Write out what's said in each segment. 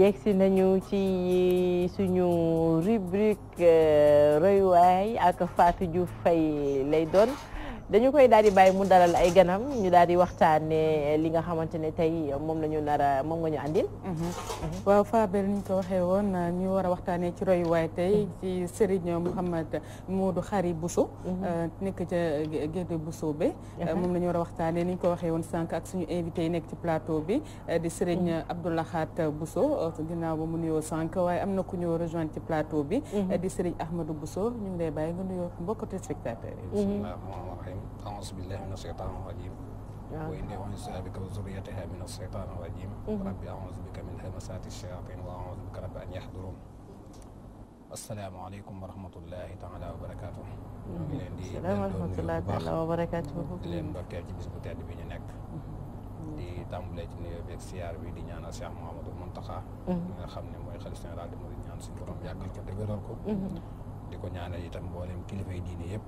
yegsi nañu ci suñu rubrique euh, royuwaay ak Fatou Diouf fay lay doon dañu koy daal di bàyyi mun dalal ay ganam ñu daal di waxtaanee eh, li nga xamante ne tey moom la ñu nar moom nga ñu àndil. Mhm. waaw Fabel ni ñu ko waxee woon ñu war a waxtaanee ci royuwaay tey ci Serigne Mouhamed Modou Khari Bousso. Mhm. Euh, nekk ca Gédé Bousso bi mhm. euh, moom la ñu war a waxtaanee ni ñu ko waxee woon sànq ak suñu invité yi nekk ci plateau bi euh, di Serigne Abdoulahat Bousso ginnaaw ba mu nuyoo sànq waaye am na ku ñu rejoindre ci plateau bi. di Serigne Ahmadou Bousso ñu ngi lay bàyyi nga nuyoo أعوذ بالله من الشيطان الرجيم وإني أعوذ بك وذريتها من الشيطان الرجيم ربي أعوذ بك من همسات الشياطين وأعوذ بك رب أن يحضرون asalaamaaleykum wa rahmatullahi taala wa barakaatu. Mhm. ñu ngi leen di leen doon nuyu di leen ndokkeel ci bis bu tedd bi ñu nekk. Mhm. di tàmbalee ci nuyoo beeg siyaar bi di ñaanal Cheikh Mouhamadou Mountakha. mi mhm. nga xam ne mooy xalifa général di ñaan suñu borom yàggal ko dëgëral ko. di ko ñaanal itam mboolem kilifa yi diine yëpp.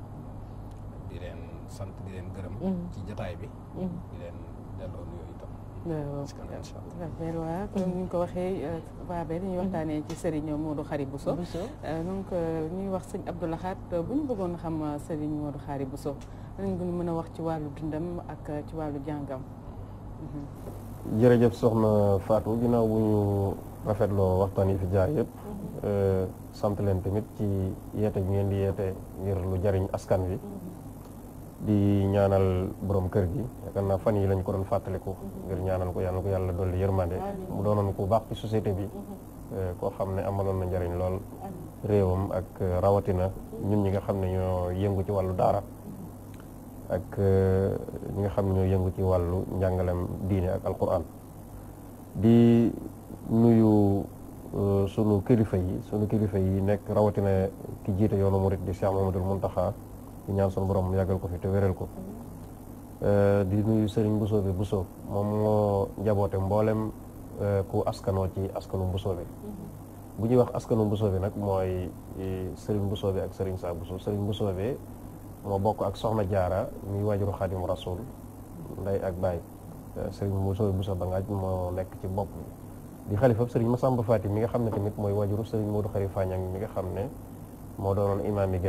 di leen sant di leen gërëm. Mm. ci jotaay bi. Mm. di leen delloo nuyoo itam. waaw waaw comme ni ñu ko waxee euh, Babé dañuy mm-hmm. waxtaanee ci Serigne Modou Khary Bousso. Euh, donc euh, ñuy wax sëñ Abdou Lahad bu ñu bëggoon xam Serigne Modou Khary Bousso danañ gën mën a wax ci wàllu dundam ak ci wàllu jàngam. Mm-hmm. jërëjëf soxna Fatou ginnaaw bu ñu loo waxtaan yi fi jaar yëpp. Mm-hmm. sant leen tamit ci yeete bi ngeen di yeete ngir lu jariñ askan wi. di ñaanal boroom kër gi yaakaar naa fan yi lañ ko doon fàttaliku ngir ñaanal ko yàlla ko yàlla dolli yërmande mu doonoon ko baax ci société bi mm-hmm. eh, koo xam ne amaloon na njariñ lool réewam ak eh, rawatina ñun ñi nga xam ne ñoo yëngu ci wàllu daara mm-hmm. ak eh, ñi nga xam ne ñoo yëngu ci wàllu njàngalem diine ak alquran di nuyu sunu kilifa yi sunu kilifa yi nekk rawatina ki jiite yoonu murit di Cheikh Mamadou Mountakha di ñaan borom mu yàggal ko fi te wéral ko eh, di nuyu Serigne Bousso bi Bousso moom moo njaboote mboolem eh, ku askanoo ci askanu Bousso bi mm-hmm. bu ñuy wax askanu Bousso bi nag mooy eh, Serigne Bousso bi ak Serigne Saa Bousso sëriñ Bousso bi moo bokk ak Soxna Jaara muy waajuru Xaadimu Rasuul nday ak baay Serigne Bousso bi Bousso ba ngaaj moo nekk ci bopp bi di xalifab sëriñ Massamba Faati mi nga xam ne tamit mooy waajuru sëriñ Modou Xari Fañang mi nga xam ne moo doonoon imaam yi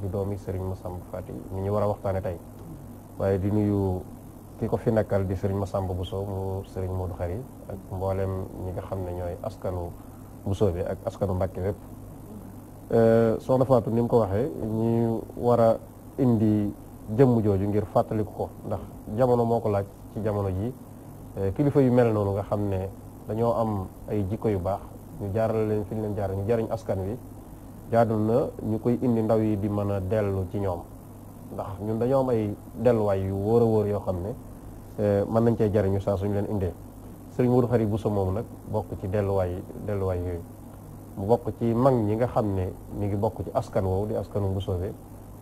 di doomi Serigne Massamba Faty ni ñu ñu a waxtaane tey waaye di nuyu ki ko fi nekkal di Serigne Massamba Bousso mu Serigne Modou Khari ak mbooleem ñi nga xam ne ñooy askanu Bousso bi ak askanu Mbàkke wépp euh, soxna Fatou ni mu ko waxee ñu war a indi jëmm jooju ngir fàttaliku ko ndax jamono moo ko laaj ci jamono ji euh, kilifa yu mel noonu nga xam ne dañoo am ay jikko yu baax ñu jaaral leen fi ñu leen jaaral ñu jariñ askan wi jaadu na ñu koy indi ndaw yi di mën a dellu ci ñoom ndax ñun dañoo am ay delluwaay yu wóor a wóor yoo xam ne eh, mën nañ cee jariñu saa suñu leen indee sëriñ Modou Khary Bousso moom nag bokk ci delluwaay delluwaay yooyu bokk ci mag ñi nga xam ne mi ngi bokk ci askan woowu di askanu Bousso soowee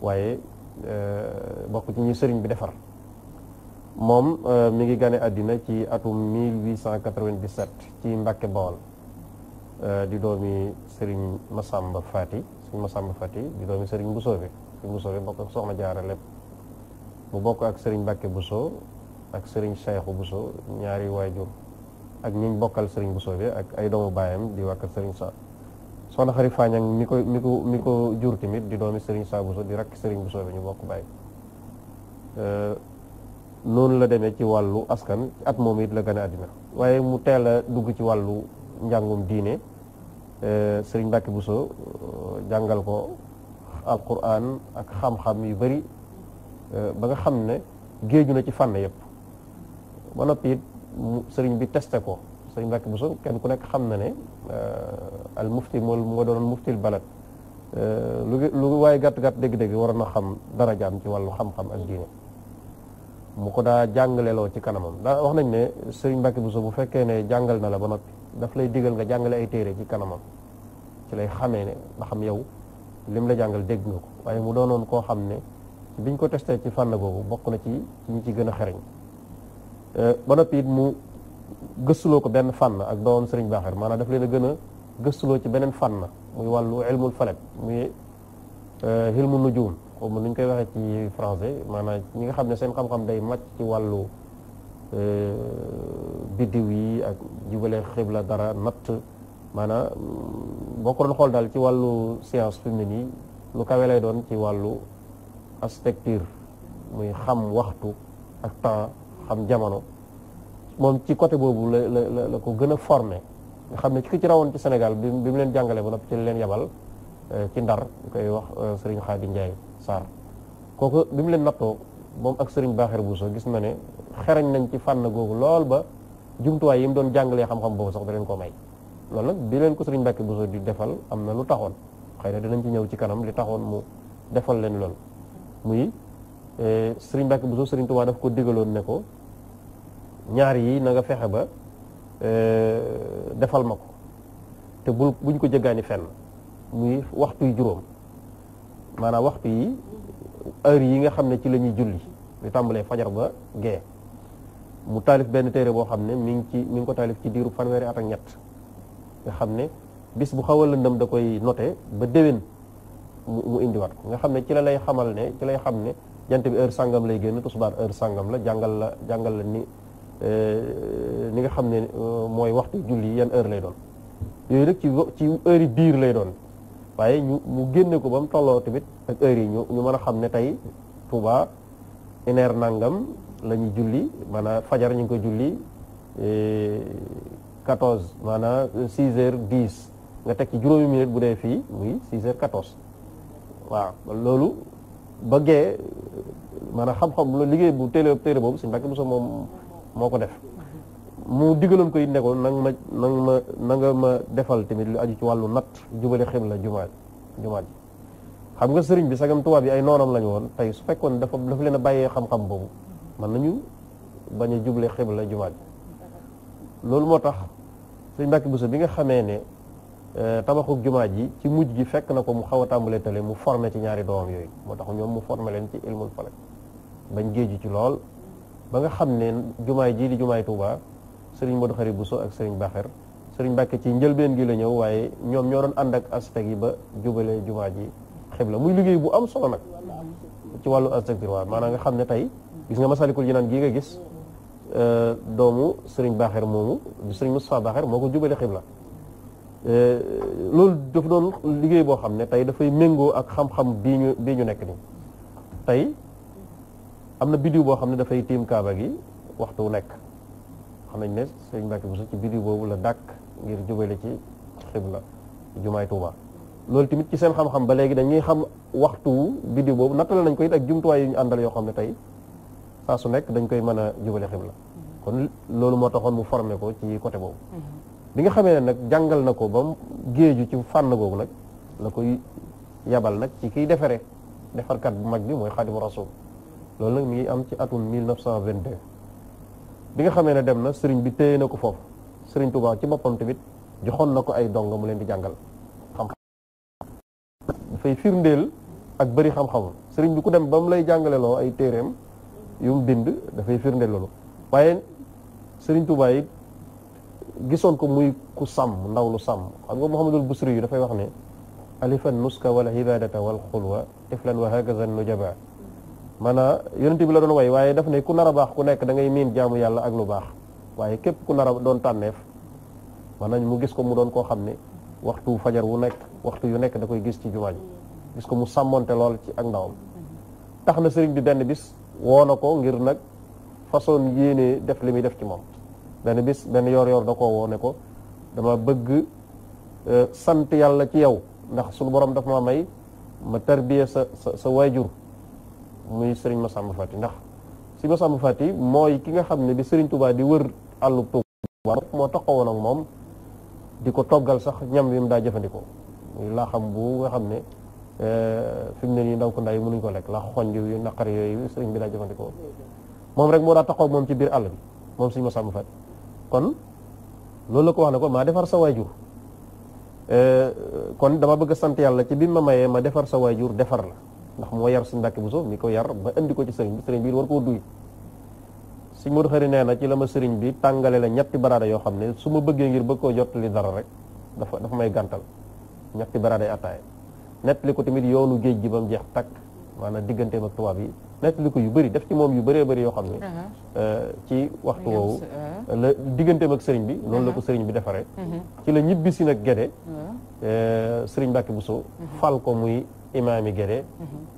waaye eh, bokk ci ñi sëriñ bi defar moom eh, mu ngi gane àddina ci atum 1897 ci mbakke Bawol Euh, di doomi Serigne Massamba Fati Serigne Massamba Fati di doomi Serigne Bousso bi Serigne Bousso bi bokk ak Soxna Jaara lépp mu bokk ak Serigne Mbacke Bousso ak Serigne Cheikhou Bousso ñaari waajur ak ñiñ bokkal sëriñ Bousso bi ak ay doomu baayam di wàkkat Serigne Sa soxna Xari Fañang mi ko ko mi jur tamit di doomi sëriñ Sa Bousso di rakk Serigne Bousso bi ñu bokk baay loolu euh, la demee ci wàllu askan at moom it la gën a àddina waaye mu teel a dugg ci wàllu njàngum diine Euh, sëriñ Mbacke buso euh, jàngal ko alquran ak xam-xam yu bari euh, ba nga xam ne géeju na ci fànn yëpp ba noppi it sëriñ bi testé ko sëriñ Mbacke Bousso kenn ku nekk xam na ne al mufti moo moo doon muftil balad lu lu waaye gàtt-gàtt dégg-dégg waroon na xam darajaam ci wàllu xam-xam ak diine mu ko daa jàngaleloo ci kanamam daa wax nañ ne sëriñ Mbacke Bousso bu fekkee ne jàngal na la ba noppi daf lay digal nga jàngale ay téere ci kanamam ci lay xamee ne ba xam yow lim la jàngal dégg nga ko waaye mu doonoon koo xam ne biñ ko testé ci fànn googu bokk na ci ci ñi ci gën a xereñ euh, ba noppi it mu gëstuloo ko benn fànn ak doomam sëriñ baaxeer maanaam daf leen a gën a gëstuloo ci beneen fànn muy wàllu ilmul falak muy euh, ilmu nujum xaw ma nu ñu koy waxee ci français maanaam ñi nga xam ne seen xam-xam day màcc ci wàllu euh, biddiw yi ak jubale xibla dara natt maanaa mm, boo ko doon xool daal ci wàllu science fi mu ne nii lu kawe lay doon ci wàllu architecture muy xam waxtu ak temps xam jamono moom ci côté boobu la la la ko gën a formé nga xam ne ci ki ci rawoon ci Sénégal bi bi mu leen jàngalee ba noppi ci leen yabal euh, ci ndar ñu koy wax sëriñ Xaadi Njaay Sarr kooku bi mu leen nattoo moom ak sëriñ Baaxir soo gis na ne xereñ nañ ci fànn googu lool ba jumtuwaay yi mu doon jàngalee xam-xam boobu sax da leen ko may loolu nag bi leen ko sëriñ Mbàkke Bousso di defal am na lu taxoon xëy na dinañ ci ñëw ci kanam li taxoon mu defal leen loolu muy eh, sëriñ Mbàkke Bousso sëriñ Tuubaa daf ko digaloon ne ko ñaar yi nanga fexe ba eh, defal ma ko te bul buñ ko jëggaani fenn muy waxtu yu juróom maanaam waxtu yi heure yi nga xam ne ci lañuy ñuy julli li tàmbalee fajar ba gee mu taalif benn téere boo xam ne mi ngi ci mi ngi ko taalif ci diiru fanweeri at ak ñett nga xam ne bis bu xaw a lëndëm da koy noté ba déwén mu indiwaat ko nga xam ne ci la lay xamal ne ci lay xam ne jant bi heure sàngam lay génn tisbaar heure sàngam la jàngal la jàngal la ni euh, ni nga xam ne euh, mooy waxtu julli yan heure lay doon yooyu rek ci ci heure yi biir lay doon waaye ñu mu génne ko ba mu tolloo tamit ak heure yi ñu ñu mën a xam ne tey Touba une heure nangam la ñuy julli fajar ñu ngi ko julli euh, 14 maanaam 6 heures 10 nga teg ci juróomi minute bu dee fii muy 6 heures 14 waaw loolu bëggee maanaam xam-xam la liggéey bu téelé téere boobu suñu mbàkk mosa moom moo ko def mu digaloon ko it ne ko nang ma nang ma na nga ma defal tamit lu aju ci wàllu natt jubale xim la jumaa jumaa ji xam nga sëriñ bi sagam tubaab yi ay noonam lañu woon tey su fekkoon dafa dafa leen a bàyyee xam-xam boobu mën nañu bañ a juble xim la jumaa ji loolu moo tax sëñ Mbàkke Buso bi nga xamee ne euh, tabaxuk jumaa ji ci mujj ji fekk na ko mu xaw a tàmbalee tale mu formé ci ñaari doomam yooyu moo tax ñoom mu formé leen ci ilmul falak bañ géeju ci lool ba nga xam ne jumaay ji di jumaay Touba sëriñ Modou Khari Buso ak sëriñ Baxer sëriñ Mbàkke ci njëlbeen gi la ñëw waaye ñoom ñoo doon ànd ak aztèques yi ba jubale jumaa ji xibla muy liggéey bu am solo nag ci wàllu aztèque waaw maanaa nga xam ne tey gis nga Masalikul Jinaan gi nga gis Euh, doomu sëriñ Bakher moomu di Serigne Moustapha moo ko jubale xibla euh, loolu dafa doon liggéey boo xam ne tey dafay méngoo ak xam bii ñu bii ñu nekk nii tey am na biddiw boo xam ne dafay tiim kaaba gi waxtu wu nekk xam nañ ne Serigne Bakher Bousso ci biddiw boobu la dàkk ngir jubale ci xibla jumaay Tuuba loolu tamit ci seen xam-xam ba léegi dañuy xam waxtu biddiw boobu nattale nañ ko it ak jumtuwaay yu ñu àndal yoo xam ne tey saa su nekk dañ koy mën a jubale xibla kon loolu moo taxoon mu formé ko ci côté boobu mm-hmm. bi nga xamee ne nag jàngal na ko ba mu géeju ci fànn googu nag la koy yabal nag ci kiy defaree defarkat bu mag bi mooy xaadimu rasul loolu nag mi ngi am ci atum 1922 bi nga xamee ne dem na sëriñ bi téye na ko foofu sëriñ Tuubaa ci boppam tamit joxoon na ko ay donga mu leen di jàngal xam-xam dafay firndeel ak bëri xam-xam sëriñ bi ku dem ba mu lay jàngaleloo ay téeréem yu mu bind dafay firnde loolu waaye Serigne Touba yi gisoon ko muy ku sàmm ndaw lu sàmm xam nga Muhammadul Busri yu dafay wax ne alifan nuska wala hibadata wal xulwa tiflan wa hakaza nujaba maanaam yonente bi la doon way waaye daf ne ku nar a baax ku nekk dangay ngay miin jaamu yàlla ak lu baax waaye képp ku nar a doon tànneef maanaam mu gis ko mu doon koo xam ne waxtu fajar wu nekk waxtu yu nekk da koy gis ci jumaa gis ko mu sàmmoonte lool ci ak ndawam woo na ko ngir nag façon yéenee def li muy def ci moom benn bis benn yor yor da koo woone ko dama bëgg euh, sant yàlla ci yow ndax sunu borom daf ma may ma tarbiya sa sa sa waajur muy sëriñ Massamba Fati ndax si Massamba Fati mooy ki nga xam ne bi sëriñ Touba di wër àllu Touba moo taxawoon ak moom di ko toggal sax ñam wi mu daa jëfandikoo muy laa xam bu nga xam ne Euh, fi mu ne nii ndaw ko ndaa yi mënuñ ko lekk la xonj yu naqar yooyu sëriñ bi daa jëfandikoo moom rek moo daa taxaw moom ci biir àll bi moom ma masàmm fa kon loolu la ko wax ne ko maa defar sa waajur euh, kon dama bëgg sant yàlla ci biir ma mayee ma defar sa waajur defar la ndax moo yar suñ mbàkk bu soof mi ko yar ba indi ko ci sëriñ bi sëriñ bi war koo duy suñ Modu Xari nee na ci la ma sëriñ bi tàngale la ñetti baraada yoo xam ne su ma bëggee ngir bëgg koo jottali dara rek dafa dafa may gàntal ñetti baraada ataaya nettali ko tamit yoonu géej gi ba mu jeex takk maanaam digganteem ak tubaab yi nettali ko yu bëri def ci moom yu bëree bëri yoo xam ne uh-huh. euh, ci waxtu woowu uh-huh. la digganteem ak sëriñ bi noonu la ko uh-huh. sëriñ bi defaree ci la ñibbisi nag Gédé euh, sëriñ Mbacke Bousso fal ko muy imaami Gédé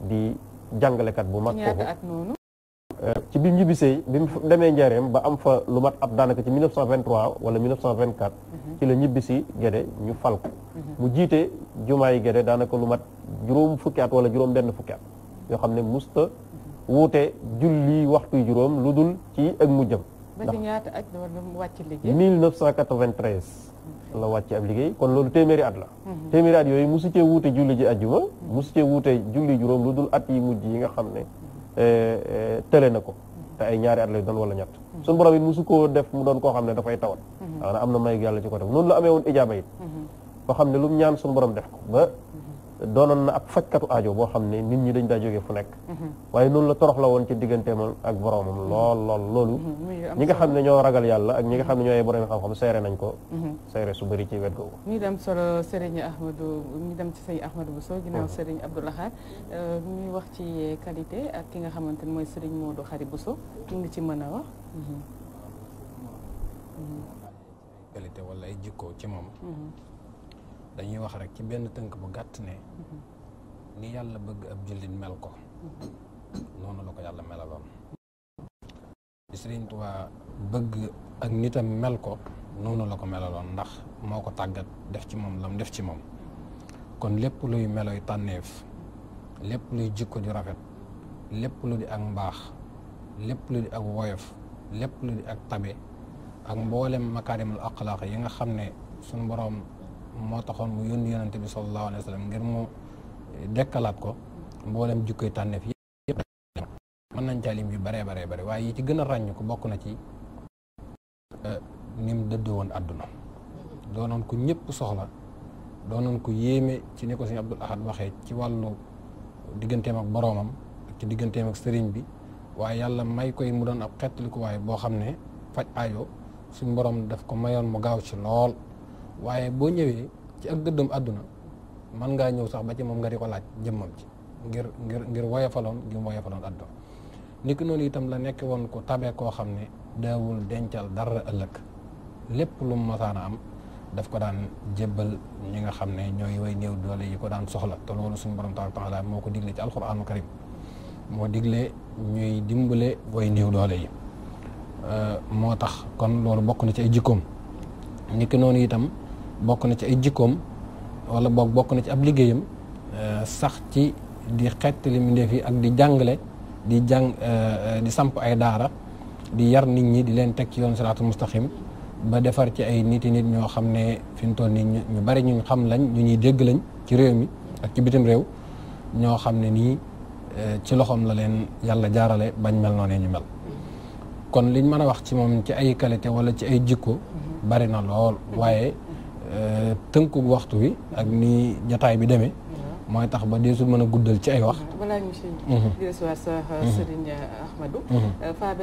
di jàngalekat bu mag foofu ci bi mu ñibbisee bi mu demee Njaareem ba am fa lu mat ab daanaka ci 1923 wala 1924. Mhm. ci la ñibbisi Gédé ñu fal ko. Mhm. mu jiite jumaayi Gédé daanaka lu mat juróom fukki at wala juróom benn fukki at yoo xam ne musta mhm. wuute julli waxtu juróom lu dul ci ak mujjam. ba ci ñaata at la war a wàcc liggéey. 1993. la wàcc ab liggéey kon loolu téeméeri at la. téeméeri at yooyu musu cee wuute julli ji ajjuma. musu cee wuute julli juróom lu dul at yi mujj yi nga xam ne eh, eh, tële na ko. te ay ñaari at lay doon wala ñett suñu borom it musu koo def mu doon koo xam ne dafay tawat xanaa mhm. am na may yàlla ci ko def noonu la amee woon ijaaba it koo mhm. xam ne lu ñaan suñu borom def ko doonoon na ab fajkatu aajo boo xam ne nit ñi dañ daa jógee fu nekk waaye noonu la torox la woon ci digganteem ak boroomam lool lool loolu mhm, ñi nga xam ne ñoo ragal yàlla ak ñi nga xam ne ñoo ay boroom xam-xam seere nañ ko mhm. seere su bëri ci wet googu ñu dem solo Serigne Ahmadou ñu dem ci sëñ Ahmadou Bousso ginnaaw oh. Serigne Abdou Lahad euh, ñuy wax ci qualité ak ki nga xamante ne mooy Serigne Modou Khari Bousso ki nga ci mën a wax mhm. qualité wala ay jikko ci moom dañuy wax rek ci benn tënk bu gàtt ne mhm. ni yàlla bëgg ab jullit mel ko mhm. noonu la ko yàlla melaloon Sëriñ Tuubaa bëgg ak nitam mel ko noonu la ko melaloon ndax moo ko tàggat def ci moom lam def ci moom kon lépp luy melo yu tànneef lépp luy jikko ju rafet lépp lu di ak mbaax lépp lu di ak woyof lépp lu di ak tabe ak mboolem makaarimul axlaaq yi nga xam ne suñu boroom moo taxoon mu yónni yonante bi sallallahu alayhi wa sallam ngir mu dekkalaat ko mboolem jukkoy tànneef yëpp mën nañ caa lim yu baree baree bare waaye yi ci gën a ràññ ko bokk na ci euh, ni mu dëdde woon àdduna doonoon ko ñëpp soxla doonoon ko yéeme ci ni ko sëñ Abdul Ahad waxee ci wàllu digganteem ak boroomam ak ci digganteem ak sëriñ bi waaye yàlla may koy mu doon ab xettali ko waaye boo xam ne faj aajo suñ boroom daf ko mayoon mu gaaw ci lool waaye boo ñëwee ci ak dëddam àdduna man ngaa ñëw sax ba ci moom nga di ko laaj jëmmam ci ngir ngir ngir woyofaloon gi mu woyofaloon àdduna ni ki noonu itam la nekk woon ko tabe koo xam ne daawul dencal dara ëllëg lépp lu mu masaana am daf ko daan jébbal ñu nga xam ne ñooy woy néew doole yi ko daan soxla te loolu suñu borom tabaaraka taala moo ko digle ci alxuraanu karim moo digle ñuy dimbale way néew doole yi moo tax kon loolu bokk na ci ay jikkoom itam bokk na ci ay jikkoom wala boog bokk na ci ab liggéeyam euh, sax ci di xettali mbindeef yi ak di jàngale di jàng euh, euh, di samp ay daara di yar nit ñi di leen teg ci yoon siraatul mustaqim ba defar ci ay nit nit ñoo xam ne fi mu toll nii ñu bari ñu xam lañ ñu ñuy dégg lañ ci réew mi ak ci bitim réew ñoo xam ne nii ci loxoom la leen yàlla jaarale bañ mel noonu ñu mel kon liñ mën a wax ci moom ci ay qualité wala ci ay jikko mm-hmm. bari na lool waaye Euh, tënku waxtu wi ak ni jataay bi demee. mooy tax ba deesul mën a guddal ci ay wax. balaa ñu si di recevoir sa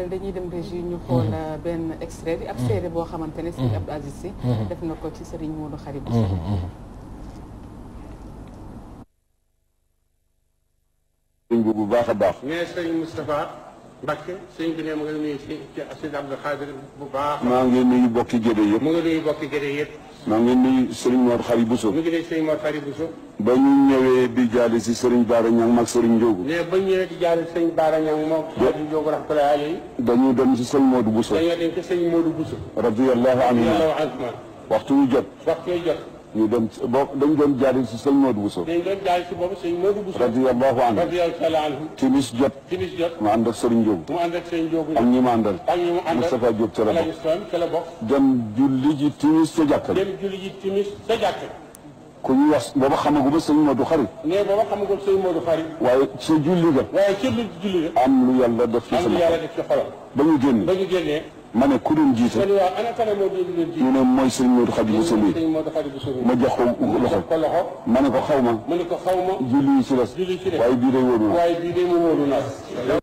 dañuy dem régie ñu xool mhm. euh, benn extrait bi ab mhm. séeré boo xamante ne Serigne mhm. Abdou Aziz def na ko ci Serigne Modou Khari sëñ bu baax a baax. nee sëñ Moustapha Mbacke sëñ bi ne ma nga nuyu maa ngi nuyu bokki jëre yëpp. maa ngi nuyu Serigne Mor Khary Bousso. mi ngi lay Serigne Mor Khary Bousso. ba ñu ñëwee di jaale si Serigne Bara Niang ak Serigne Ndiogu. mais ba ñu ñëwee di jaale si Serigne Bara Niang moom. Serigne Ndiogu rahmatullahi alayhi. dañu dem si Serigne Modou Bousso. dañoo dem si Serigne Modou Bousso. radiyallahu anhu. radiyallahu anhu. waxtu yu jot. waxtu yu jot. ñu dem ci boobu dañ doon jaari si sëñ Modou Bousso. dañ doon jaari si boobu sëñ Modou Bousso. radiyallahu anhu radiyallahu anhu. timis jot. timis jot mu ànd ak Serigne Diop. mu ànd ak Serigne Diop. ak ñi mu àndal. ak ñi mu àndal Moustapha Diop ca la bokk. ca la bokk. dem julli ji timis sa jàkka. dem julli ji timis sa jàkka. ku ñu wax booba xamaguma sëñ Modou Xari. nee booba xamaguma sëñ Modou Xari. waaye ca julli ga. waaye ca julli ga. am lu yàlla def ci sama xol. am lu yàlla def ci xolam. ba ñu génn. ba ñu génnee. ma ne ku doon jiite. ñu ne mooy sëñ Modou Khady Bousso bi ma jox ko loxo. ma ne ko xaw ma. julli yi ci des. waaye bii day wóolu na.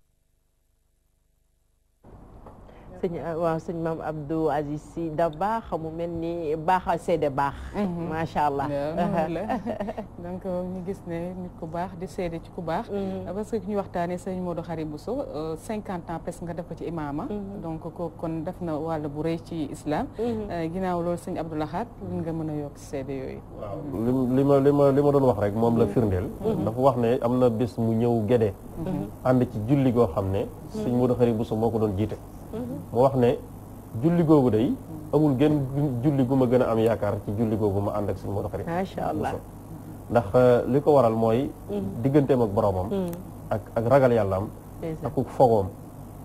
sëñ euh, waaw sëñ maam Abdou Aziz Sy Dabakh mu mel ni baax seede baax. Mhm. macha allah donc euh, ñu gis ne nit ku baax di seede ci ku baax. Mhm. Euh, parce que ñu waxtaanee sëñ Modou Khari Bousso cinquante ans presque nga def ko ci imaama. Mhm. donc kooku kon def na wàll bu rëy ci islam. ginnaaw loolu sëñ Abdou Lahad lu nga mën a yokk seede yooyu. waaw li ma li ma li ma doon wax rek moom la firndeel. dafa wax ne am na mu ñëw gede ànd ci julli goo xam ne. sëñ Modou Khari Bousso moo ko doon jiite. mu wax ne julli googu day amul gën julli gu ma gën a am yaakaar ci julli googu ma ànd ak suñu Modou Khari macha allah ndax euh, li ko waral mooy digganteem ak boromam ak ak ragal yàlla am ku fogoom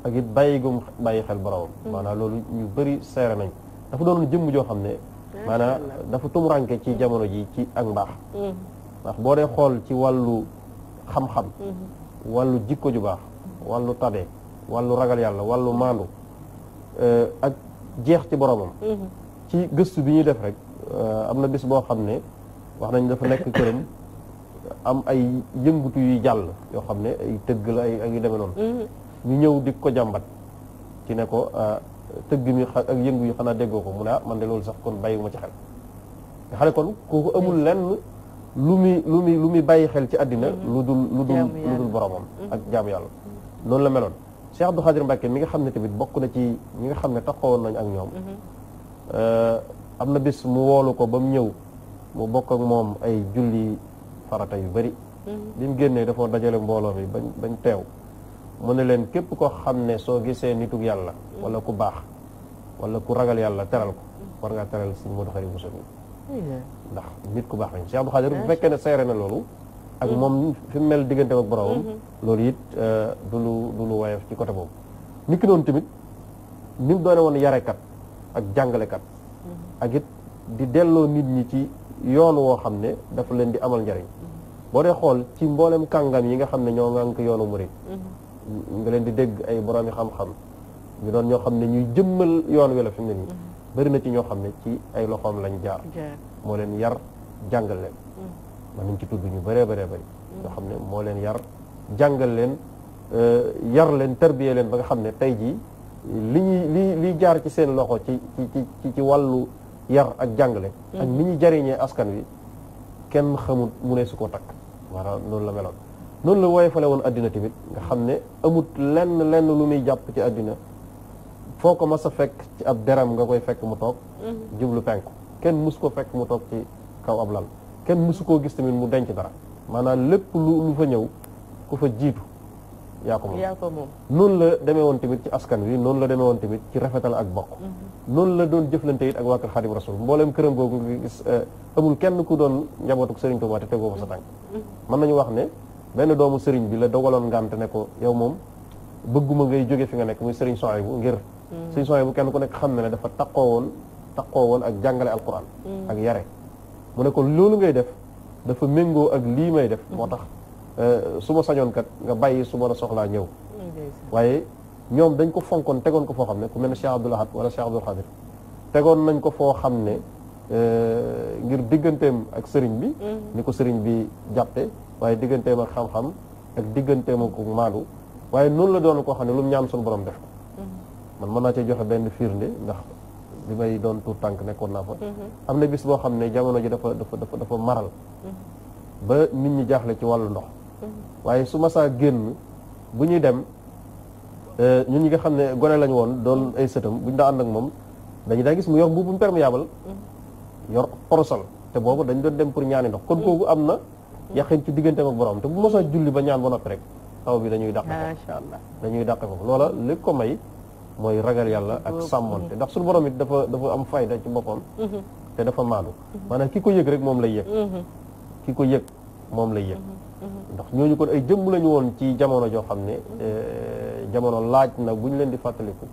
ak it bàyyi gum bàyyi xel boroomam mm. maanaam loolu ñu bëri seere nañ dafa doon jëmm joo xam ne maanaam dafa tumuranke ci jamono ji ci ak mbaax mm. ndax boo dee xool ci wàllu xam-xam mm-hmm. wàllu jikko ju baax wàllu tabe wàllu ragal yàlla wàllu maandu eh, ak jeex ci boromam mhm. ci gëstu bi ñuy def rek eh, am na bis boo xam ne wax nañ dafa nekk këram am ay yëngutu yuy jàll yoo xam ne ay tëgg la ay ak yu mhm. ñu ñëw di ko jàmbat ci ne ko eh, tëgg mi ak yëngu yi xanaa déggoo ko mu ne ah man de loolu sax kon bàyyiwuma ci xel nga kon kooku amul mhm. lenn lu muy lu muy lu muy bàyyi xel ci àddina lu dul lu dul lu boromam ak jaamu yàlla noonu la meloon Cheikh Abdou Khadir Mbacke mi nga xam ne tamit bokk na ci ñi nga xam ne taxawoon nañ ak ñoom. Mhm. Euh, am na bis mu woolu ko ba mu ñëw mu bokk ak moom ay julli farata yu bari. Mhm. bi mu génnee dafa dajale mbooloo mi bañ bañ teew. mu ne leen képp koo xam ne soo gisee nitug yàlla. Mhm. wala ku baax wala ku ragal yàlla teral ko. war ngaa teral si Modou Khari Bousso bi. ndax nit ku baax lañ Cheikh Abdou Khadir bu fekkee ne seere na loolu. ak mm-hmm. moom fi mu mel digganteem ak boromam. Mm-hmm. loolu it euh, du lu du lu ci côté boobu. nit ki noonu tamit ni mu doone woon yarekat ak jàngalekat. Mm-hmm. ak it di delloo nit ñi ci yoon woo xam ne dafa leen di amal njariñ boo dee xool ci mboolem kàngam yi nga xam ne ñoo ngànk yoonu murit nga leen di dégg ay boroomi xam-xam ñu doon ñoo xam ne ñuy jëmmal yoon wi la fi mu ne nii. na ci ñoo xam ne ci ay loxoom lañ jaar. moo leen yar jàngale leen. mën nañ ci tudd ñu bëree bëree bëri nga xam ne moo leen yar jàngal leen euh, yar leen tarbiyee leen ba nga xam ne tey jii li ñuy li li jaar ci seen loxo ci ci ci wàllu yar ak jàngale ak mi ñu jariñee askan wi kenn xamul mu ne su ko takk maanaam noonu la meloon noonu la wooye fale woon addina tamit nga xam ne amut lenn lenn lu muy jàpp ci àddina foo ko mas a fekk ci ab deram nga koy fekk mu toog mm-hmm. jublu penku kenn mus ko fekk mu toog ci kaw ab lal kenn mësu koo gis tamit mu denc dara maanaam lépp lu lu fa ñëw ku fa jiitu yaa ko moom yaa ko noonu la demee woon tamit ci askan wi noonu la demee woon tamit ci rafetal ak bokk mhm. noonu la doon jëflante it ak waa kër Xaadim Rasul mbooleem këram googu nga gis eh, amul kenn ku doon njabootuk Sëriñ Tuubaa te tegoo fa sa tànk mhm. mën nañu wax ne benn doomu sëriñ bi la dogaloon ngante ne ko yow moom bëgguma ngay jóge fi nga nekk muy sëriñ Sohaybu ngir mhm. sëriñ Sohaybu kenn ku nekk xam na ne dafa taqoo woon taqoo woon ak jàngale alquran ak mu ne ko loolu ngay def dafa méngoo ak lii may def moo tax euh, su ma sañoon kat nga bàyyi su ma la soxlaa ñëw waaye ñoom dañ ko fonkoon tegoon ko foo xam ne ku mel ne Cheikh Abdoul Ahad wala Cheikh Abdoul Khadir tegoon nañ ko foo xam ne euh, ngir digganteem ak sëriñ bi mm-hmm. ni ko sëriñ bi jàppe waaye digganteem ak xam-xam ak digganteem ak maandu waaye noonu la doon koo xam ne lu mu ñaan suñu borom def ko mm-hmm. man mën naa cee joxe benn firnde ndax li may doon tuur tànk nekkoon naa fa mhm. am na bis boo xam ne jamono ji dafa dafa dafa dafa maral mhm. ba nit ñi jaaxle ci wàllu ndox mhm. waaye su masaa génn bu ñuy dem euh, ñun ñi nga xam ne gone lañu woon doon ay sëtam bu ñu daa ànd ak moom dañu daa gis mu yor mbubu mu perméable yor orosal te boobu dañ doon dem pour ñaani ndox kon kooku am na yaqin ci diggante ak borom te bu mosaa julli ba ñaan ba noppi rek taw bi dañuy dàq ko dañuy dàq ko loola lépp ko may mooy ragal yàlla ak sàmmonte ndax suñu borom it dafa dafa am fayda ci boppam mm-hmm. te dafa maandu mm-hmm. maanaam ki ko yëg rek moom lay yëg mm-hmm. ki ko yëg moom lay yëg ndax ñooñu ko ay jëmm lañu woon ci jamono joo xam ne eh, jamono laaj na bu ñu leen di fàttaliku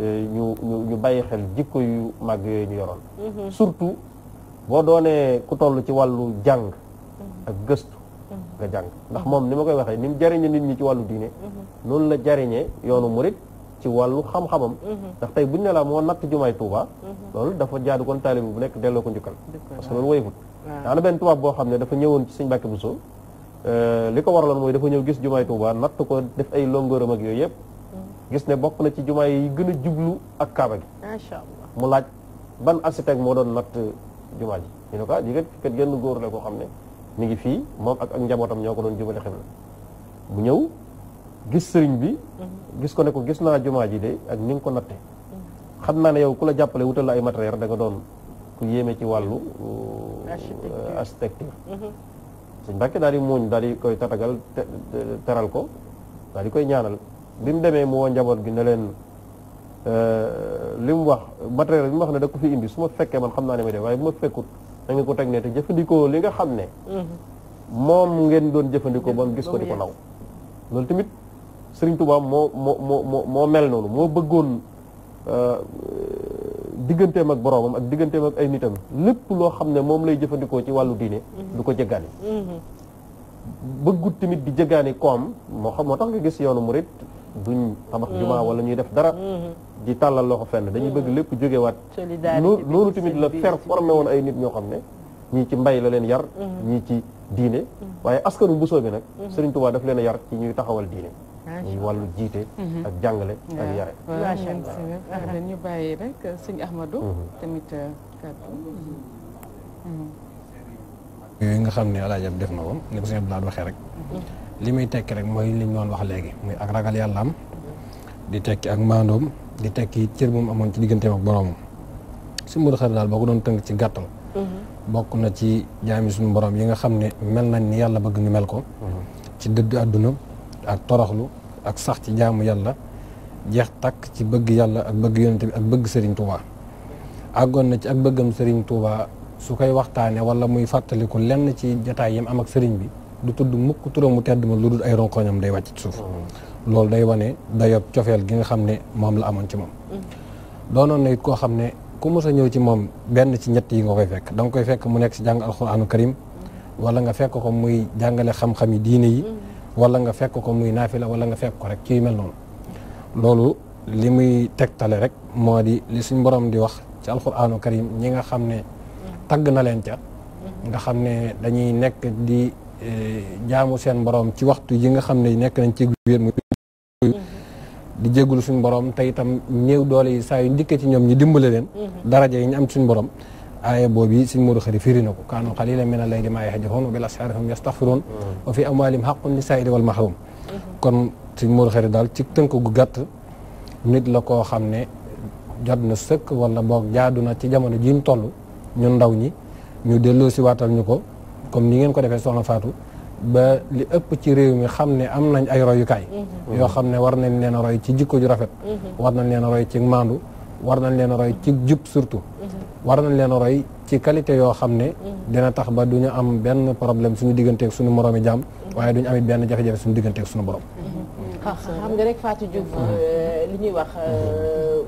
eh, ñu ñu ñu bàyyi xel jikko yu màgg yooyu ñu yoroon surtout boo doonee ku toll ci wàllu jàng ak gëstu nga jàng ndax moom ni ma koy waxee ni mu jariñe nit ñi ci wàllu diine noonu la jariñe yoonu murit ci wàllu xam-xamam mhm. ndax tey buñu ne la moo natt jumaay Touba mhm. loolu dafa jaadu kon taalibe bu nekk delloo ko njukkal parce loolu woyefut na benn boo xam ne dafa ñëwoon ci Sëñ Mbàkke Buso euh, li ko war waraloon mooy dafa ñëw gis jumaay Touba natt ko def ay longooram ak yooyu yëpp mhm. gis ne bokk na ci jumaay yi gën a jublu ak kaaba gi macha allah mu laaj ban architecte moo doon natt jumaa ji ñu ne ko ah, lii kat kat genn góor la koo xam ne mi ngi fii moom ak ak njabootam ñoo ko doon jubale xibla mu ñëw gis sëriñ bi gis ko ne ko gis naa jumaa ji de ak ni ko natte xam naa ne yow ku la jàppale wutal la ay matériel da doon ku yéeme ci wàllu architecture euh, sëñ Mbàkke daal di muuñ daal di koy tatagal teral ko daal di koy ñaanal bi mu demee mu woo njaboot gi ne leen euh, li mu wax matériel bi mu wax ne da ko fi indi su ma fekkee man xam naa ne may def waaye bu ma fekkut da ko teg ne te jëfandikoo li nga xam ne mhm. moom ngeen doon jëfandikoo ba mu gis ko di ko naw Serigne Touba moo moo moo moo mel noonu moo bëggoon euh, digganteem ak boroomam ak digganteem ak ay nitam lépp loo xam ne moom lay jëfandikoo ci wàllu diine. Mhm. du ko jéggaani. Mhm. bëggut tamit di jéggaani koom moo xam moo tax nga gis yoonu murit duñ tabax mhm. jumaa wala ñuy def dara. di tàllal loxo fenn dañuy bëgg lépp jógewaat. solidarité noonu tamit la fer formé woon ay nit ñoo xam ne. ñii ci mbay la leen yar. ñii ci diine. waaye askanu Bousso bi nag. Serigne Touba daf leen a yar ci ñuy taxawal diine. muy jiite. Mhm. ak jàngale ak yaay. waaw yooyu ah, mhm. euh, mhm. nga xam ne alaajam def na ko ni ko sëñ Abdoulaye waxee rek. li muy tekki rek mooy liñ doon wax léegi muy ak ragal yàllaam di tekki ak maandoom di tekki cër bu mu amoon ci digganteem ak boroomam si mbiru xel daal boo ko doon tënk ci gàttal. bokk na ci jaami suñu boroom yi nga xam ne mel na ni yàlla bëgg ñu mel ko. ci dëddu àdduna ak toroxlu ak sax ci jaamu yàlla jeex takk ci bëgg yàlla ak bëgg yonent bi ak bëgg sëriñ tuuba àggoon na ci ak bëggam sëriñ Touba su koy waxtaanee wala muy fàttaliku lenn ci jataay yam am ak sëriñ bi du tudd mukk turam mu tedd ma lu dul ay ronkoñam day wàcc ci suuf. Mm. loolu day wane dayob cofeel gi nga xam ne moom la amoon ci moom. Mm. doonoon na it koo xam ne ku mos a ñëw ci moom benn ci ñett yi nga koy fekk da koy fekk mu nekk si jàng alxuraanu karim mm. wala nga fekk ko muy jàngale yi. wala nga fekk ko muy naafila wala nga fekk ko rek ci yu mel noonu loolu li muy tegtale rek moo di li suñ borom di wax ci alquraanu karim ñi nga xam ne tagg na leen ca nga xam ne dañuy nekk di eh, jaamu seen borom ci waxtu yi nga xam ne nekk nañ ci wér mu di jéggul suñ boroom te itam néew doole yi saa yu dikkee ci ñoom ñu dimbale leen mm-hmm. daraja yi ñu am suñ borom aaya boobu sëñ Modou Khari firi na ko kaanu xalilan mina layli maa yahjahuun wa bil ashaari hum yastaghfiruun o fi amwaalihim haqqun lissaa'ili wal mahruum kon sëñ Modou Khari daal ci tënk gu gàtt nit la koo xam ne jot na sëkk wala boog jaadu na ci jamono ji ñu toll ñun ndaw ñi ñu delloo si waatal ñu ko comme ni ngeen ko defee soxna Fatou ba li ëpp ci réew mi xam ne am nañ ay royukaay mhm. yoo xam ne war nañ leen a roy ci jikko ju rafet mhm. war nañ leen a roy ci maandu war nañ leen a roy surtout mhm. war nañ leen roy ci qualité yoo xam ne mm-hmm. dina tax ba du ñu am benn problème suñu digganteeg suñu moroomi jàmm mm-hmm. waaye du ñu amit benn jafe-jafe suñu digganteeg suñu borom mm-hmm. Ah, xam nga rek Fatou Diouf euh, li ñuy wax euh,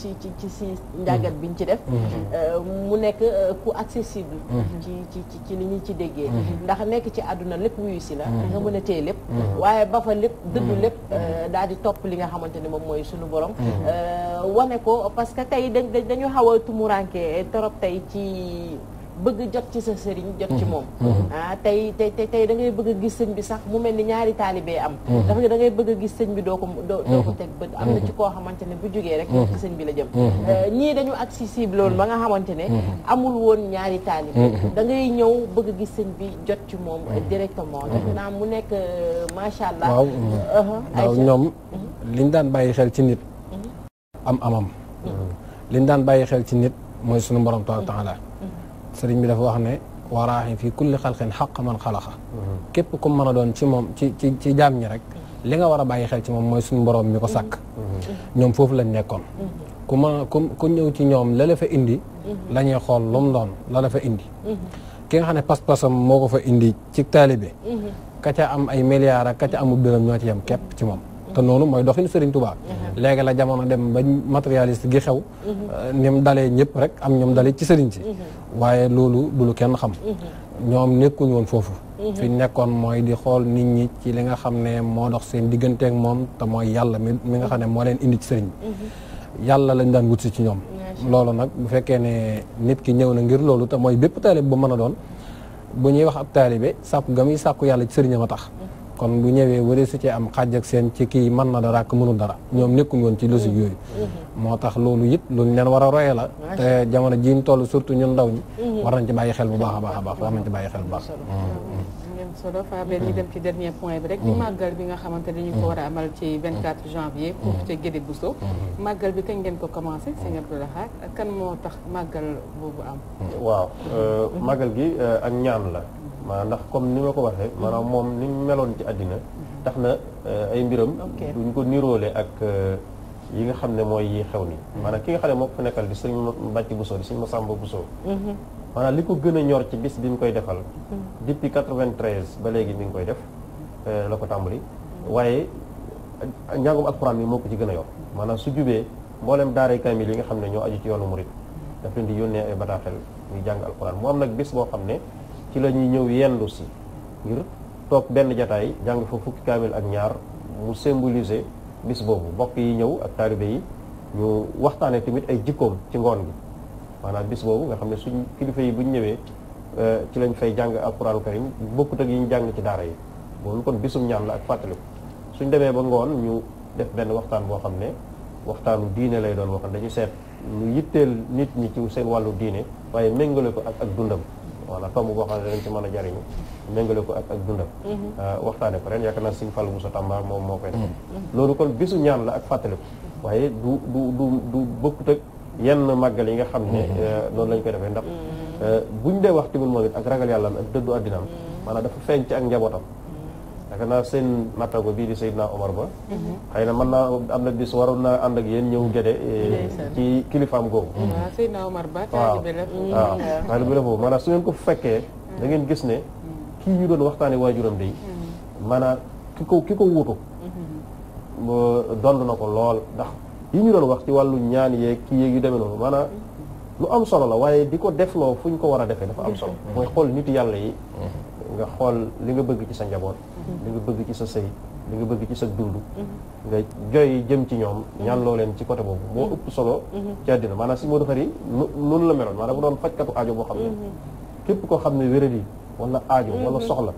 ci ci ci si njàngat biñ ci def mm-hmm. euh, mu nekk ku accessible mm-hmm. ci ci ci li ñu ci déggee mm-hmm. ndax nekk ci àdduna lépp wuyu si la nga mën a téye lépp waaye ba lépp dëddu lépp daal di topp li nga xamante ne moom mooy suñu borom wane ko parce que tey dañ dañu xaw a tumuranke trop tey ci bëgg jot ci sa sëriñ jot ci mhm. moom mhm. ah tey tey tey tey da ngay bëgg a gis sëñ bi sax mu mel ni ñaari taalibe am mhm. dafa ne da ngay bëgg gis sëñ bi doo ko doo ko teg bët am na ci koo xamante ne bu jógee rek ci sëñ bi la jëm eh, ñii dañu accessible loolu ba nga xamante ne amul woon ñaari taalibe da ngay ñëw bëgg a gis sëñ bi jot ci moom directement defe naa mu nekk euh, macha allah waaw uh-huh. ñoom liñ daan bàyyi xel ci nit am amam liñ daan bàyyi xel ci nit mooy sunu borom taala sëriñ bi dafa wax ne waraaxi fii kulli xalqin xaq man xalaqa képp ku mën a doon ci moom ci ci ci jaam ñi rek li nga war a bàyyi xel ci moom mooy suñu borom mi ko sàkk ñoom foofu lañ nekkoon ku ma ku ku ñëw ci ñoom la la fa indi la xool lu mu doon la la fa indi ki nga xam ne pas-pasam moo ko fa indi ci taalibe ka am ay milliards ak ka ca amub dërëm ñoo ci yem képp ci moom te noonu mooy doxinu Serigne Touba. Mhm. léegi la jamono dem ba matérialiste gi xew. Mhm. ni mu dalee ñëpp rek am ñoom dalee ci Serigne si. Mhm. waaye loolu du lu kenn xam. ñoom nekkuñu woon foofu. fi nekkoon mooy di xool nit ñi ci li nga xam ne moo dox seen digganteek moom te mooy yàlla mi mi nga xam ne moo leen indi ci Serigne yàlla lañ daan wut si ci ñoom. loolu nag bu fekkee ne nit ki ñëw na ngir loolu te mooy bépp taalib bu mën a doon bu ñuy wax ab taalibe sàkku ga muy sàkku yàlla ci sëriñam a tax kon bu ñëwee waree su cee am xàjj ak seen ci kii man na dara ak mënu dara ñoom nekkuñ woon ci si yooyu mhm. moo tax loolu it luñ leen war a roye la te jamono jiñ toll surtout ñun ndaw ñi mhm. war nañ ci bàyyi xel bu baax a baax a baax war nañ ci bàyyi xel bu baax solo Fabien ñu mm-hmm. dem ci dernier point bi rek di mm-hmm. màggal bi nga xamante dañu ko war a amal ci 24 mm-hmm. janvier pour ci Guédé Bousso màggal bi kañ ngeen ko commencé sëñ Abdou Lahad kan moo tax màggal boobu am waaw euh, màggal gi euh, ak ñaan la maanaam ndax comme ni ma ko waxee maanaam moom ni meloon ci àddina tax na euh, ay mbiram duñ ko niroole ak yi nga xam ne mooy xew ni maanaam ki nga xam moo ko bi nekkal di sëñ Mbàcc Bousso di sëñ Masamba Bousso maanaam li ko gën a ñor ci bis bi mu koy defal. depuis 93 ba léegi mu ngi koy def euh, la ko tàmbali. waaye njàngum alxuraan bi moo ko ci gën a yor maanaam su jubee mboolem daara kaamil yi nga xam ne ñoo aju ci yoonu murit daf leen di yónnee ay bataaxel ñuy jàng alxuraan mu am nag bis boo xam ne ci la ñuy ñëw yendu si ngir toog benn jataay jàng fa fukki kaamil ak ñaar mu symboliser bis boobu mbokk yi ñëw ak taalibe yi ñu waxtaanee tamit ay jikkoom ci ngoon gi. maanaam bis boobu nga xam ne suñ kilifa yi bu ñu ñëwee euh, ci lañ fay jàng alquran karim bokkut ak yi ñu jàng ci daara yi loolu kon bisum ñaan la ak fàttaliku suñ demee ba ngoon ñu def benn waxtaan boo xam ne waxtaanu diine lay doon boo xam seet lu yitteel nit ñi ci seen wàllu diine waaye méngale ko ak ak dundam voilà tomb boo xam ne dañ ci mën a jariñu méngale ko ak ak dundam mm-hmm. euh, waxtaane ko ren yaakaar naa suñ Fallou Moussa Tamba moom moo koy def mm-hmm. loolu kon la ak fàttaliku waaye du du du du bokkut yenn màggal yi nga xam ne mm-hmm. euh, noonu lañ koy defee ndax mm-hmm. euh, buñ dee wax tamit moom it ak ragal yàllaam ak dëddu àddinaam mm-hmm. maanaam dafa feeñ ci ak njabootam daka naa seen nattago bii di naa Omar ba xëy na man naa am na bis waroon naa ànd ak yéen ñëw gede euh, ci kilifaam googu waaw Seydina Omar ba waaw waaw taalibe la su ngeen ko fekkee da ngeen gis ne kii ñu doon waxtaane waajuram day maanaam ki ko ki ko wuutu dond na ko lool ndax yi ñu doon wax ci wàllu ñaan yeeg kii yeeg yu deme noonu maanaa lu am solo la waaye di ko defloo fu ñu ko war a defee dafa am solo mm-hmm. mooy xool nit yàlla yi mm-hmm. nga xool li nga bëgg ci sa njaboot mm-hmm. li nga bëgg ci sa sëy li nga bëgg ci sa dund nga joy jëm ci ñoom ñaan loo leen ci côté boobu moo ëpp solo ci àddina maanaam si moo defar yi noonu la meloon maanaam bu doon fajkatu ajo boo xam ne képp koo xam ne wéradi wala aajo wala soxla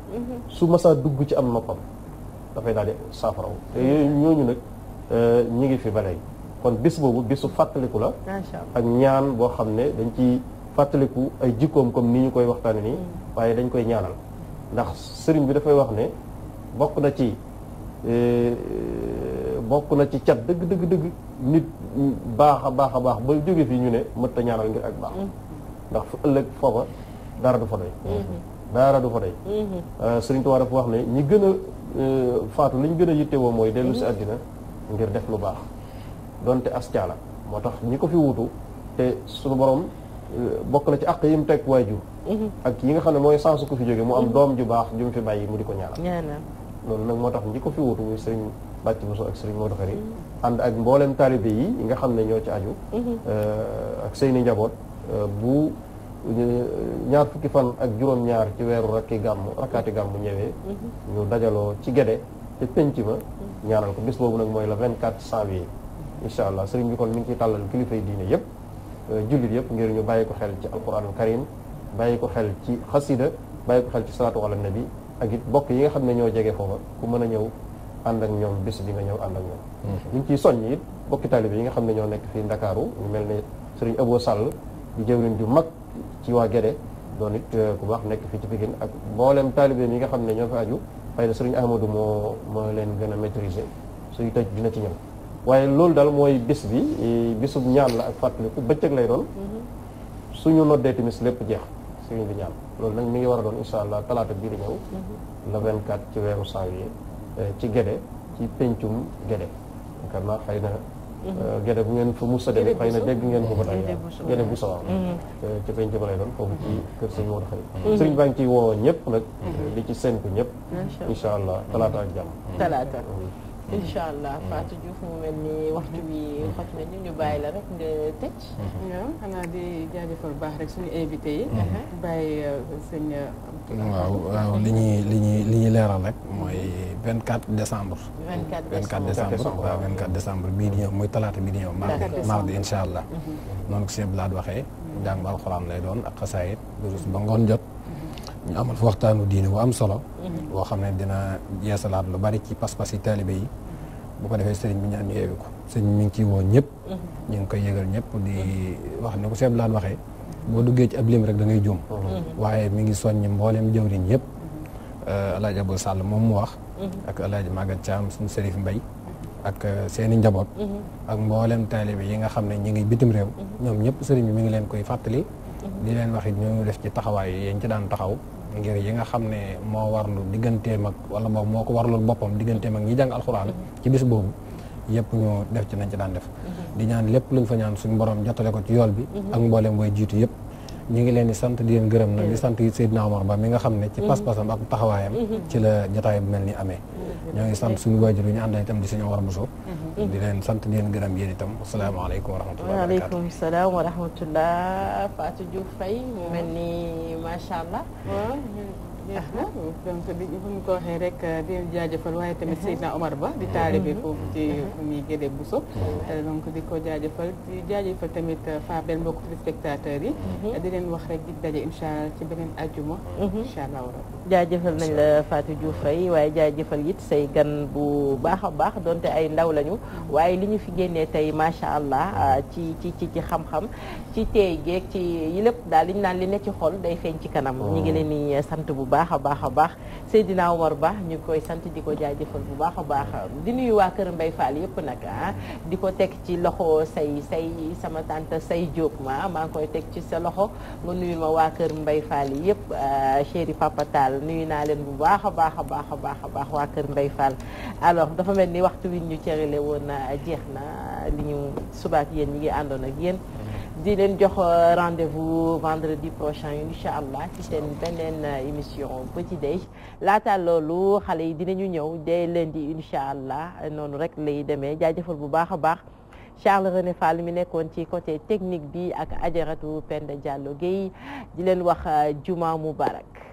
su masaa dugg ci am noppam dafay daal di ñooñu nag euh, ñi ngi fi ba léegi kon bis boobu bisu fàttaliku la. ak ñaan boo xam ne dañ ci fàttaliku ay jikkoom comme ni ñu koy waxtaane nii. Mm. waaye dañ koy ñaanal ndax sëriñ bi dafay wax ne bokk na ci eh, bokk na ci cat dëgg dëgg dëgg nit baax a baax a baax ba jóge fii ñu ne mënut a ñaanal ngir ak baax. Mm-hmm. ndax fu ëllëg foofa dara du fa doy. Mm-hmm. dara du fa doy. Mm-hmm. Euh, sëriñ dafa wax ne ñi gën a euh, faatu li ñu gën a yittewoo mooy dellu si àddina ngir def lu baax. donte asca la moo tax ñi ko fi wutu te suñu borom euh, bokk na ci àq yi mu teg waajur mhm. ak yi nga xam ne mooy sansu ko fi jóge mu am mhm. doom ju baax ju mu fi bàyyi mu di ko ñaanal loolu nag moo tax ñi ko fi wutu muy sëriñ Bàcc Bousso ak sëriñ Modou Khari mhm. ànd ak mboolem taalibe yi yi nga xam ne ñoo ci aju euh, ak seeni njaboot euh, bu ñaar fukki fan ak juróom-ñaar ci weeru rakki gàmmu rakkaati gàmmu ñëwee ñu dajaloo ci gede te penc ma ñaanal ko bis boobu nag mooy le vingt-quatre janvier incha allah sëriñ bi kon mi ngi ciy tàllal kilifa yi diine yëpp euh, jullit yëpp ngir ñu bàyyi ko xel ci alquranul karim bàyyi ko xel ci xasida bàyyi ko xel ci salaatu ala nabi ak it bokk yi nga xam ne ñoo jege foofa ku mën a ñëw ànd ak ñoom bis bi nga ñëw ànd ak ñoom mm-hmm. ñu ngi ciy soññ it bokki taalibe yi nga xam ne ñoo nekk fii Ndakaaru ñu mel ne sëriñ Abo Sall di jëwriñ ju mag ci waa Gédé doon it euh, ku baax nekk fii ci Pikine ak mboolem taalibe yi nga xam ne ñoo fi aju xëy na sëriñ Amadou moo moo leen gën a maîtriser suy tëj dina ci ñëw waaye loolu daal mooy bis bi bisub ñaan la ak fàttaliku bëccëg lay doon mhm. suñu noddee timis lépp jeex suñu bi ñaan loolu nag mi ngi war a doon insha allah talaata bii di la mhm. le 24 ci weeru janvier eh, ci Guédé ci pencum Guédé yaakaar naa xëy na mhm. eh, Guédé bu ngeen fa musa demee xëy na dégg ngeen ko ba tey Guédé bu sawa eh, ci penc lay doon foofu ci kër sëñ Maodo xëy sëriñ baa ngi ciy woo ñëpp nag li ci séntu ñëpp insha allah talaata ak jàmm talaata incha allah mm-hmm. Fatou Diouf mu waxtu bi mm-hmm. xoj nañu ñu bàyyi la rek nga tëj. waaw li ñuy li ñuy li ñuy leeral rek mooy 24 décembre. 24 décembre 24 décembre waaw bii di ñëw muy talaata bii di ñëw. mardi mardi allah. Mm-hmm. noonu ko sëñ Blade waxee. jàng alxuraan lay doon ak xasaayit durus ba ngoon ñu amal fa waxtaanu diine bu am solo. boo xam ne dina yeesalaat lu bari ci pas-pas yi taalibe yi. bu ko defee sëriñ bi ñaan ñu ko sëriñ mi ngi ciy woo ñëpp ñu ngi koy yëgal ñëpp di wax ne ko seeb laan waxee boo duggee ci ab lim rek da ngay juum waaye mi ngi soññ mbooleem jëwriñ yëpp euh, alaaji bu sàll moom mu wax ak alaaji Maguette am suñu Serif Mbay ak euh, seeni njaboot ak mboolem taalibe yi nga xam ne ñu ngi bitim réew ñoom ñëpp sëriñ bi mi ngi leen koy fàttali di leen wax it ñu def ci taxawaay yéen ci daan taxaw ngir yi nga xam ne moo war warlu digganteem ak wala moom moo ko warlul boppam digganteem ak ñi jàng alxuraan ci bis boobu yëpp ñu def ci nañ ci daan def mhm. di ñaan lépp luñ fa ñaan suñu borom jotale ko ci yool bi mhm. ak mbooleem way jiitu yëpp ñu ngi leen di sant di leen gërëm nag di mhm. sant Seydina Omar Ba mi nga xam ne ci pas-pasam ak taxawaayam ci la jotaay bu mel ni amee ñoo ngi sant suñu waajur yi ñu àndal itam di suñu war mosoo mhm. di leen sant di leen gërëm yéen itam asalaamaaleykum wa rahmatullah waaleykum salaam wa rahmatullah Fatou Diouf Faye mu mel ni macha allah jeex na donc di buñ ko waxee rek euh, di jaajëfal waaye tamit mhm. Seydina Omar Ba di taalibe mhm. foofu ci mhm. fu ñuy gédee Bousso euh, donc di ko jaajëfal di jaajëfal tamit euh, Fabel mbokk téléspectateurs yi di leen wax rek di daje incha allah ci beneen ajjuma incha allah jaajëfal nañ la Fatou Diouf waaye jaajëfal it say gan bu baax a baax donte ay ndaw lañu waaye li fi génnee tey macha allah ci ci ci ci xam-xam ci teey geeg ci yi lépp daal li ñu naan li ne ci xol day feeñ ci kanam oh. ñu ngi leen sant bu baax a baax a baax sey Seydina Omar baax ñu koy sant di ko jaajëfal bu baax a baax di nuyu waa Kër Mbay Fall yëpp nag ah di ko teg ci loxo say say sama tante say Diop ma maa ngi koy teg ci sa loxo nga nuyu ma waa Kër Mbay Fall yëpp ah, chéri Papa Tall nuyu naa leen bu baax a baax a baax a baax a baax waa Kër Mbay Fall alors dafa mel ni waxtu wi ñu le woon na ah, jeex na li ñu subaak yéen ñu ngi àndoon ak yéen di leen jox euh, rendez-vous vendredi prochain incha allah ci seen beneen euh, émission petit déj laata loolu xale yi dinañu ñëw dès lundi incha allah noonu rek lay demee jaajëfal bu baax a baax Charles René Fall mi nekkoon ci côté technique bi ak ajaratu Penda Diallo Guèye di leen wax euh, juma mubarak